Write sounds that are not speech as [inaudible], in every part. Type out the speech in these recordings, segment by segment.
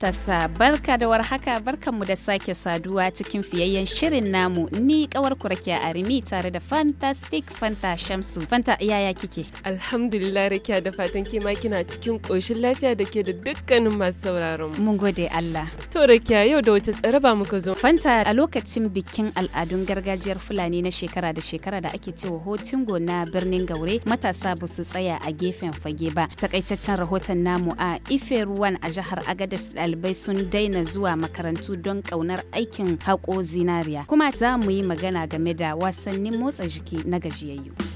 tasa barka da warhaka barkanmu da sake saduwa cikin fiyayyen shirin namu ni kawar kurakiya arimi tare da fantastic fanta shamsu fanta yaya kike alhamdulillah rakiya da fatan ke ma kina cikin koshin lafiya da ke da dukkanin masu sauraron mun gode allah to rakiya yau da wace tsaraba muka zo fanta a lokacin bikin al'adun gargajiyar fulani na shekara da shekara da ake cewa hotingo na birnin gaure matasa ba su tsaya a gefen fage ba takaitaccen rahoton namu a ife ruwan a jihar agadez ɗalibai sun daina zuwa makarantu don ƙaunar aikin haƙo zinariya kuma za mu yi magana game da wasannin motsa jiki na gajiyayyu.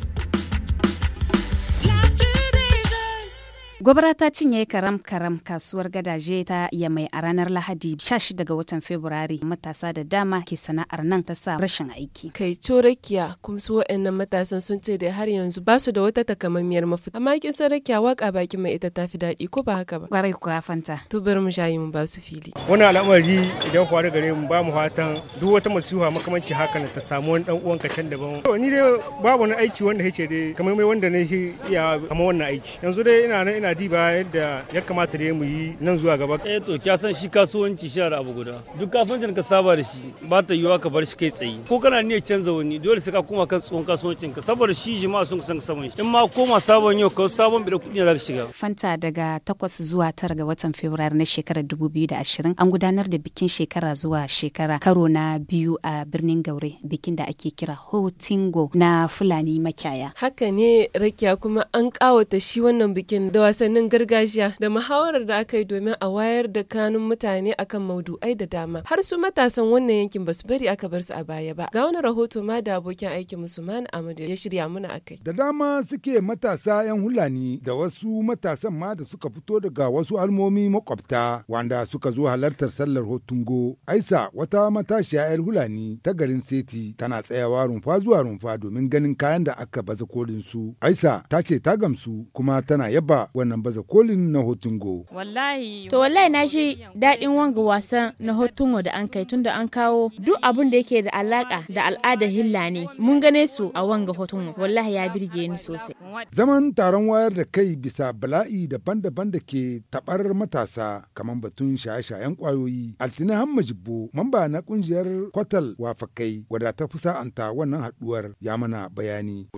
Gwabara ta cinye karam karam kasuwar gadaje ta mai a ranar Lahadi 16 ga watan Februari Matasa da dama ke sana'ar nan ta sa rashin aiki. Kai corakiya kuma su wa'annan matasan sun ce da har yanzu ba su da wata takamammiyar mafita. Amma kin san rakiya waka baki mai ita tafi daɗi ko ba haka ba? Kwarai ku fanta. To bari mu shayi mu ba su fili. wani al'amari idan faru gare mu ba mu fatan duk wata masuha makamanci haka na ta samu wani dan ka can daban. To ni dai babu wani aiki wanda yake dai kamar mai wanda na iya kama wannan aiki. Yanzu dai ina yana diba yadda ya kamata da mu yi nan zuwa gaba eh to kya san shi kasuwanci shi abu guda duk kasuwancin ka saba da shi ba ta yiwa ka bar shi kai tsaye ko kana niyyar canza wani dole sai ka koma kan tsohon kasuwancin ka saboda shi jama'a sun san saman shi in ma koma sabon yau ka sabon bida kuɗi za ka shiga fanta daga 8 zuwa tara ga watan Fabrairu na shekarar 2020 an gudanar da bikin shekara zuwa shekara karo na biyu a birnin Gaure bikin da ake kira Hotingo na Fulani makiyaya haka ne rakiya kuma an kawata shi wannan bikin da wasannin gargajiya da muhawarar da aka yi domin a wayar da kanun mutane akan maudu'ai da dama. Har su matasan wannan yankin ba su bari aka bar su a baya ba. Ga wani rahoto ma da abokin aikin Musulman amadu ya shirya muna akai. Da dama suke matasa 'yan hulani da wasu matasan ma da suka fito daga wasu almomi makwabta wanda suka zo halartar sallar hotungo. Aisa wata matashiya 'yar hulani ta garin Seti tana tsayawa rumfa zuwa rumfa domin ganin kayan da aka baza kolin su. Aisa ta ce ta gamsu kuma tana yaba wannan baza kolin na hotungo. Wallahi. To wallahi na shi daɗin wanga wasan na hotungo da an kai tunda an kawo duk abun da yake da alaka da al'adar hilla ne mun gane su a wanga hotungo wallahi ya birge ni sosai. Zaman taron wayar da kai bisa bala'i daban-daban da ke tabar matasa kamar batun shaye-shayen kwayoyi. Altinin Hamma Jibbo mamba na kungiyar Kwatal Wafakai wadda ta fi sa'anta wannan haɗuwar ya mana bayani.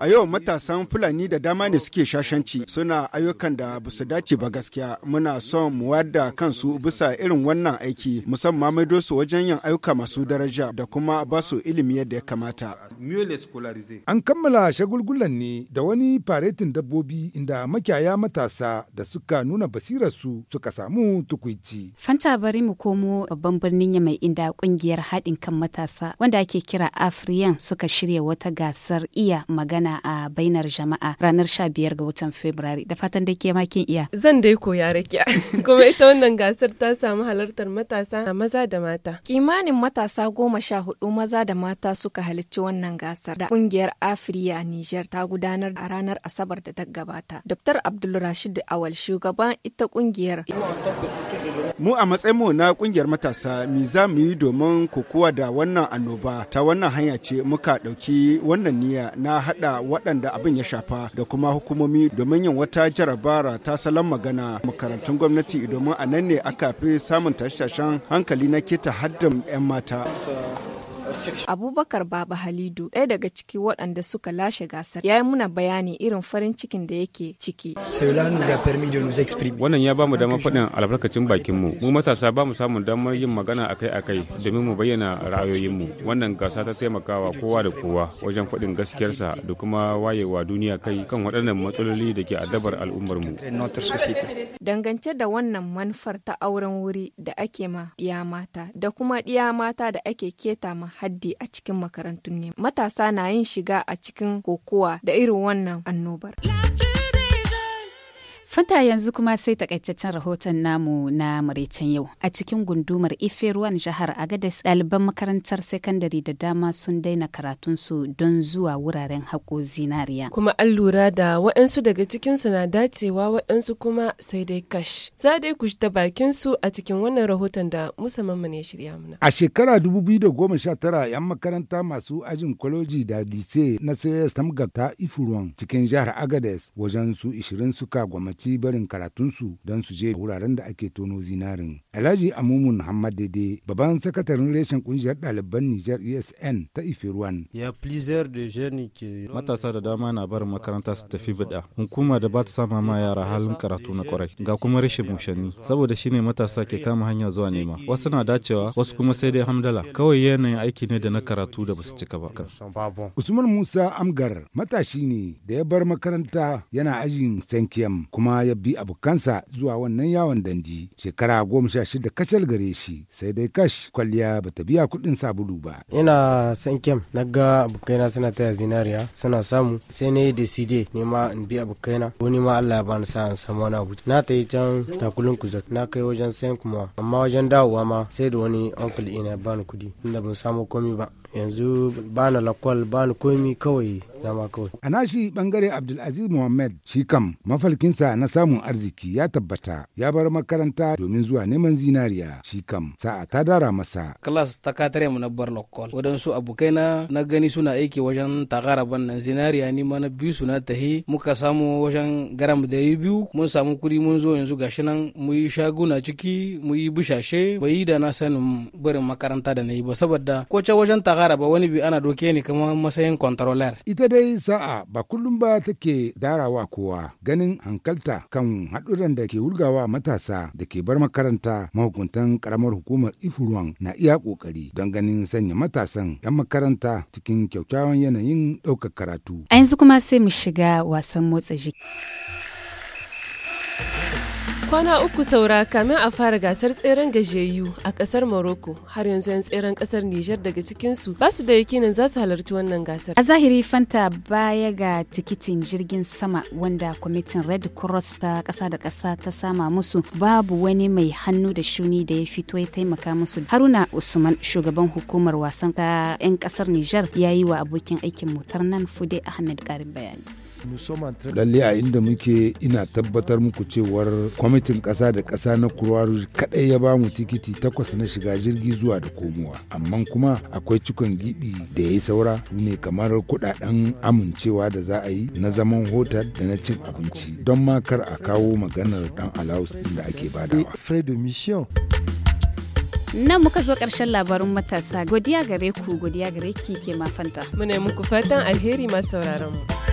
A yau matasan Fulani da dama ne suke shashanci suna ayyukan da ba su dace ba gaskiya muna son mu wada kansu bisa irin wannan aiki musamman maido su wajen yin ayyuka masu daraja da kuma ba su ilimi yadda ya kamata. An kammala shagulgulan ne da wani faretin dabbobi inda makiyaya matasa da suka nuna basirarsu suka samu tukuici. Fanta bari mu komo babban birnin Yamai inda kungiyar haɗin kan matasa wanda ake kira Afriyan suka shirya wata gasar iya magana a bainar jama'a ranar 15 ga watan Fabrairu. librari da fatan da ke makin iya. Zan dai koya rakiya [laughs] kuma ita wannan gasar ta samu halartar matasa maza da mata. Kimanin matasa goma sha hudu maza da mata suka halarci wannan gasar da kungiyar Afriya Nijar ta gudanar a ranar Asabar da ta gabata. Dr. rashid Awal shugaban ita kungiyar. Mu a matsayin mu na kungiyar matasa mi za mu yi domin kokowa da wannan annoba ta wannan hanya ce muka ɗauki wannan niyya na haɗa waɗanda abin ya shafa da kuma hukumomi domin yin wata jarabara ta salon magana makarantun gwamnati domin a nan ne aka fi samun tashashen hankali na keta haddin 'yan mata. Abubakar Baba Halidu ɗaya daga ciki waɗanda suka lashe gasar ya yi muna bayani irin farin cikin da yake ciki. Wannan ya ba mu damar faɗin albarkacin bakin Mu mu matasa ba mu samun damar yin magana akai-akai domin mu bayyana ra'ayoyin mu Wannan gasa ta taimakawa kowa da kowa wajen faɗin gaskiyarsa da kuma wayewa duniya kai kan waɗannan matsaloli da ke addabar al'ummar mu. Dangance da wannan manufar ta auren wuri da ake ma ɗiya mata da kuma ɗiya mata da ake keta ma haddi a cikin makarantun ne matasa na yin shiga a cikin kokowa da irin wannan annobar. Fanta yanzu kuma sai takaitaccen rahoton namu na maraicen yau. A cikin gundumar Ife ruwan jihar Agadez ɗaliban makarantar sakandare da dama sun daina karatunsu don zuwa wuraren haƙo zinariya. Kuma an lura da waɗansu daga cikinsu na dacewa waɗansu kuma sai dai kash. Za dai ku ta su a cikin wannan rahoton da musamman ya shirya mana. A shekara 2019 'yan makaranta masu ajin kwaloji da lise na sayar sai ta ruwan cikin jihar Agadez wajen su 20 suka gwamnati. ci barin karatunsu don su je wuraren da ake tono zinarin. Alhaji Amumu Muhammad Dede, babban sakataren reshen kungiyar ɗaliban Nijar USN ta Ifiruwan. Ya plizer da jeni ke. Matasa da dama na barin makaranta su tafi bida. Hukuma da ba ta sama ma yara halin karatu na kwarai. Ga kuma rashin mushanni. Saboda shine matasa ke kama hanya zuwa nema. Wasu na dacewa, wasu kuma sai dai hamdala. Kawai yanayin aiki ne da na karatu da basu cika ba. Usman Musa Amgar matashi ne da ya bar makaranta yana ajin Sankiyam kuma kuma ya bi abokansa zuwa wannan yawon dandi shekara goma sha shida kacal gare shi sai dai kash kwalliya ba ta biya kuɗin sabulu ba. ina san kyam na ga abokaina suna taya zinariya suna samu sai na yi deside ne ma in bi abokaina wani ma allah ya bani sa in samu wani abu na ta yi can takulin kuzat na kai wajen sayan kuma amma wajen dawowa ma sai da wani uncle ina ya bani kuɗi inda ban samu komi ba. yanzu bana lakwal bana komi kawai zama kawai. A nashi bangare Abdulaziz Muhammad shi kam mafalkinsa na samun arziki ya tabbata ya bar makaranta domin zuwa neman zinariya shi kam sa'a ta dara masa. Kalas ta katare mu na bar lakwal wadansu abokai na na gani suna aiki wajen takara bannan zinariya ni ma na biyu su na tahi muka samu wajen garam da biyu mun samu kuɗi mun zo yanzu gashi nan mu yi shaguna ciki mu yi bushashe bai da na sanin barin makaranta da na yi ba saboda ko wajen takara kara ba wani bi ana doke ni kamar matsayin controller ita dai sa'a ba kullum ba take darawa kowa ganin hankalta kan haɗuran da ke wurgawa matasa da ke bar makaranta mahukuntan karamar hukumar ifuruwan na iya kokari don ganin sanya matasan 'yan makaranta cikin kyakkyawan yanayin ɗaukar karatu a yanzu kuma sai mu shiga wasan motsa jiki Kwana uku saura kamin a fara gasar tseren gajiyayyu a kasar Morocco har yanzu 'yan tseren kasar Nijar daga cikinsu ba su da yakinin za su halarci wannan gasar. A zahiri Fanta baya ga tikitin jirgin sama wanda kwamitin Red Cross ta kasa da kasa ta sama musu babu wani mai hannu da shuni da ya fito ya taimaka musu. Haruna Usman shugaban hukumar wasan ta 'yan kasar Nijar ya yi wa abokin aikin motar nan Fude Ahmed karin bayani. Lalle a inda muke ina tabbatar muku cewar kwamitin ƙasa da ƙasa na kurwaru kaɗai ya bamu tikiti takwas na shiga jirgi zuwa da komowa. Amma kuma akwai cikon gibi da ya yi saura ne kamar kuɗaɗen amincewa da za a yi na zaman hotel da na cin abinci don ma a kawo maganar dan alaus inda ake badawa. Nan muka zo karshen labarin matasa godiya gare ku godiya gare ki ke mafanta. Mune muku fatan alheri masu sauraron mu.